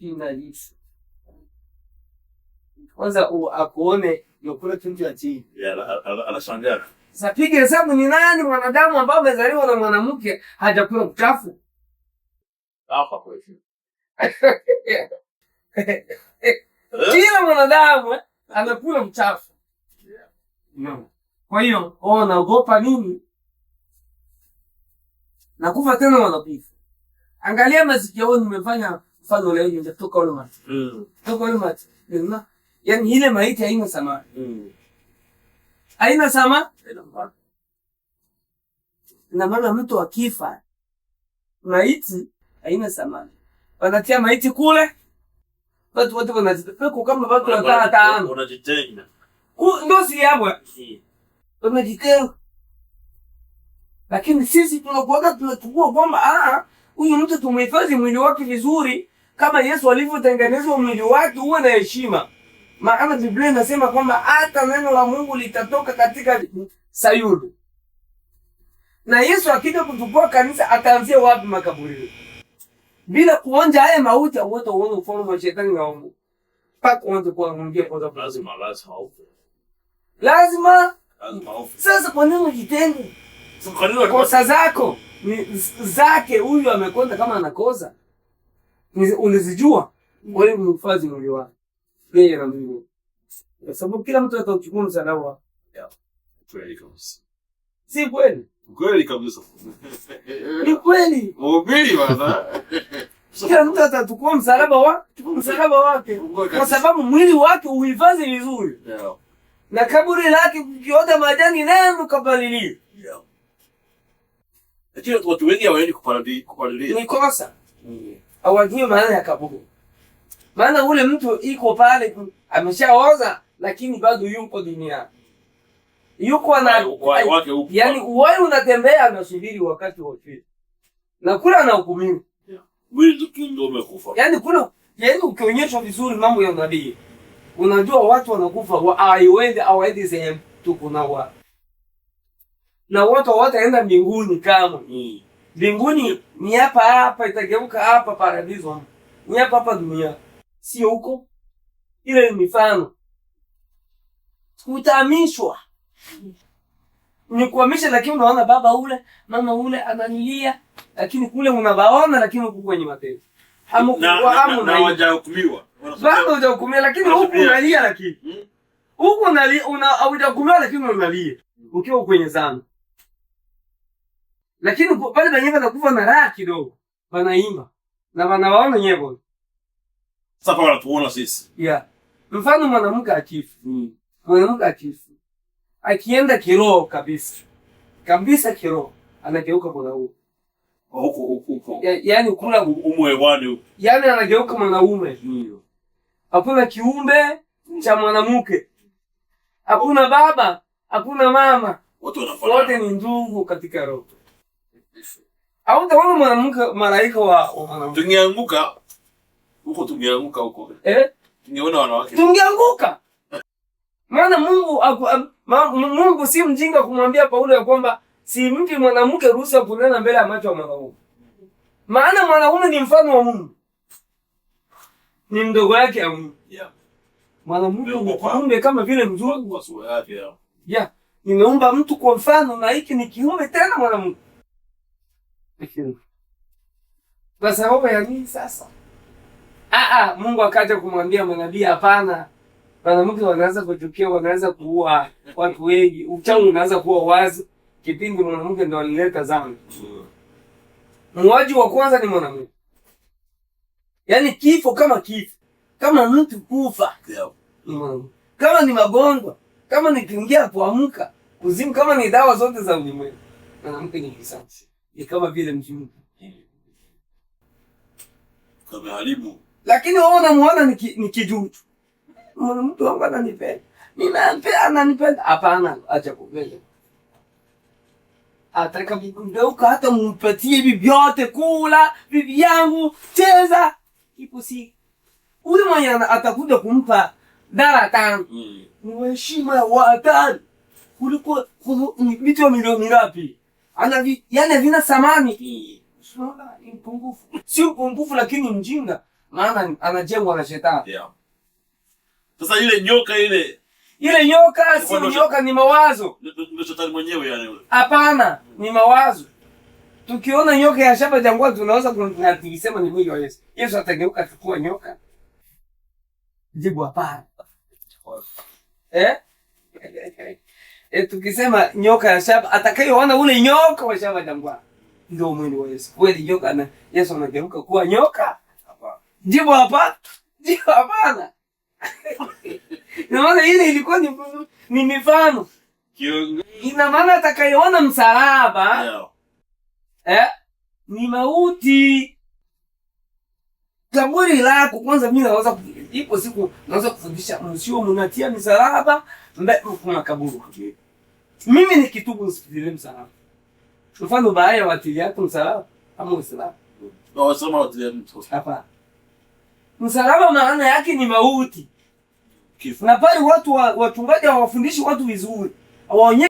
spinach kwanza akuone yokula tundu ya chini anashangaa. Sasa piga hesabu, ni nani mwanadamu ambao amezaliwa na mwanamke hajakula uchafu? Kila mwanadamu eh, anakula mchafu. Kwa hiyo naogopa nini? Nakufa tena wanakufa. Angalia masikio nimefanya fadhila hiyo ndio Mm. Toka ule mati. Ndio. maiti haina samani. Mm. Haina sama? Na maana mtu akifa maiti haina samani. Wanatia maiti kule. Watu wote wanajipeka kama watu wa taa. Wanajitenga. Ndio si yabo. Mm. Wamejitenga. Lakini sisi tunakuaga tunachukua kwamba ah, huyu mtu tumehifadhi mwili wake vizuri kama Yesu alivyotengenezwa mwili wake uwe na heshima. Maana Biblia inasema kwamba hata neno la Mungu litatoka katika Sayuni. Na Yesu akija kuchukua kanisa ataanzia wapi? Makaburini. Bila kuonja haya mauti au wote wao ufalme wa shetani na Mungu. kwa uanze kwa sababu lazima lazima hofu. Lazima Sasa kwa nini kitendo? Kosa zako ni zake huyu amekonda kama anakosa ulizijua mm. wewe mfazi mliwa yeye na mimi, kwa sababu kila mtu atachukua msaada wao. si kweli? Kweli kabisa, ni kweli. Mhubiri bwana, kila mtu atachukua msalaba wa msalaba wake, kwa sababu mwili wake uhifadhi vizuri, na kaburi lake kiota majani neno kapalilie. Lakini watu wengi hawaendi kupalilia, ni kosa mm awajue maana ya kaburi. Maana ule mtu iko pale ameshaoza, lakini bado yuko duniani, yuko na yani uwai unatembea, anasubiri wakati wa kifo, na kule anahukumiwa yani kule yani, ukionyeshwa vizuri mambo ya nabii unajua watu wanakufa waaiwende awaende sehemu tukunawa na watu hawataenda mbinguni kamwe. Mm. Mbinguni ni hapa hapa, itageuka hapa paradiso, ni hapa hapa dunia, sio huko. Ile ni mifano kutamishwa ni kuhamisha, lakini unaona baba ule mama ule ananilia, lakini kule unabaona, lakini huku kwenye mateso bado, hujahukumiwa lakini huku unalia, lakini hmm? huku unalia, lakini unalia ukiwa kwenye zana lakini pale penyewe panakuwa na raha kidogo, wanaimba na wanawaona nyevo Sasa wanatuona sisi yeah. Mfano mwanamke akifu mm. mwanamke akifu akienda kiroho kabisa kabisa, kiroho anageuka mwanaume huko huko huko, yaani kula umwe wani, yaani anageuka mwanaume hiyo. Hakuna kiumbe cha mwanamke, hakuna baba, hakuna mama, wote ni ndugu katika roho au utaona mwanamke malaika wa tungeanguka huko, tungeanguka huko eh, wanawake, tungeanguka. Maana Mungu aku, ma, Mungu si mjinga kumwambia Paulo ya kwamba si mpi mwanamke ruhusa kunena mbele ya macho ya mwanaume, maana mwanaume ni mfano wa Mungu, ni mdogo yake ya Mungu yeah. Mwanamke mwanaume kama vile mzuri kwa sura yake yeah. mtu kwa mfano na hiki ni kiumbe tena mwanamke kwa sababu ya nini sasa? Ah, ah Mungu akaja kumwambia mwanabii hapana. Wanawake wanaanza kuchukia, wanaanza kuua watu wengi. Uchawi unaanza kuwa wazi kipindi mwanamke ndo alileta dhambi. Muuaji wa kwanza ni mwanamke. Yaani kifo kama kifo. Kama mtu kufa. Kama ni magonjwa, kama ni kuingia kuamka, kuzimu, kama ni dawa zote za ulimwengu. Mwanamke ni kisasi ni kama vile mjini kameharibu, lakini wewe unamwona ni kijuju, mtu wangu ananipenda, ninampenda, ananipenda. Hapana, acha kupenda, ataka mdeuka hata mumpatie hivi vyote, kula bibi yangu, cheza ipo, si ule mwenye atakuja kumpa dara tano mheshima mm. ya watani kuliko kuliko mitu vitu milioni ngapi? anavi yani havina samani hii. ni mpungufu, si mpungufu, lakini mjinga, maana anajengwa na shetani yeah. Sasa ile nyoka ile ile nyoka si nyoka, ni mawazo, ndio shetani mwenyewe yani yule. Hapana, ni mawazo. Tukiona nyoka ya shaba jangwa tunaweza kunatisema ni huyo Yesu. Yesu atageuka kuwa nyoka? Jibu hapana. Eh? E, tukisema nyoka ya shaba atakayeona ule nyoka wa shaba jangwa ndio mwili wa Yesu. Kweli nyoka na Yesu anageuka kuwa nyoka? Hapana. Jibu hapa? Jibu hapana. Naona ile ilikuwa ni ni mifano. Ina maana atakayeona msalaba Eh? Ni mauti. Kaburi lako kwanza mimi naweza ipo siku naweza kufundisha msio mnatia misalaba mbe kuna kaburi. Mimi nikitubu nisikilizeni msalaba. Mfano baya ya watilia yako msalaba ama msalaba. Na wasema watilia mtu. Hapa. Msalaba maana yake ni mauti. Kifo. Na pale watu wachungaji hawafundishi watu vizuri. Hawaonyeshi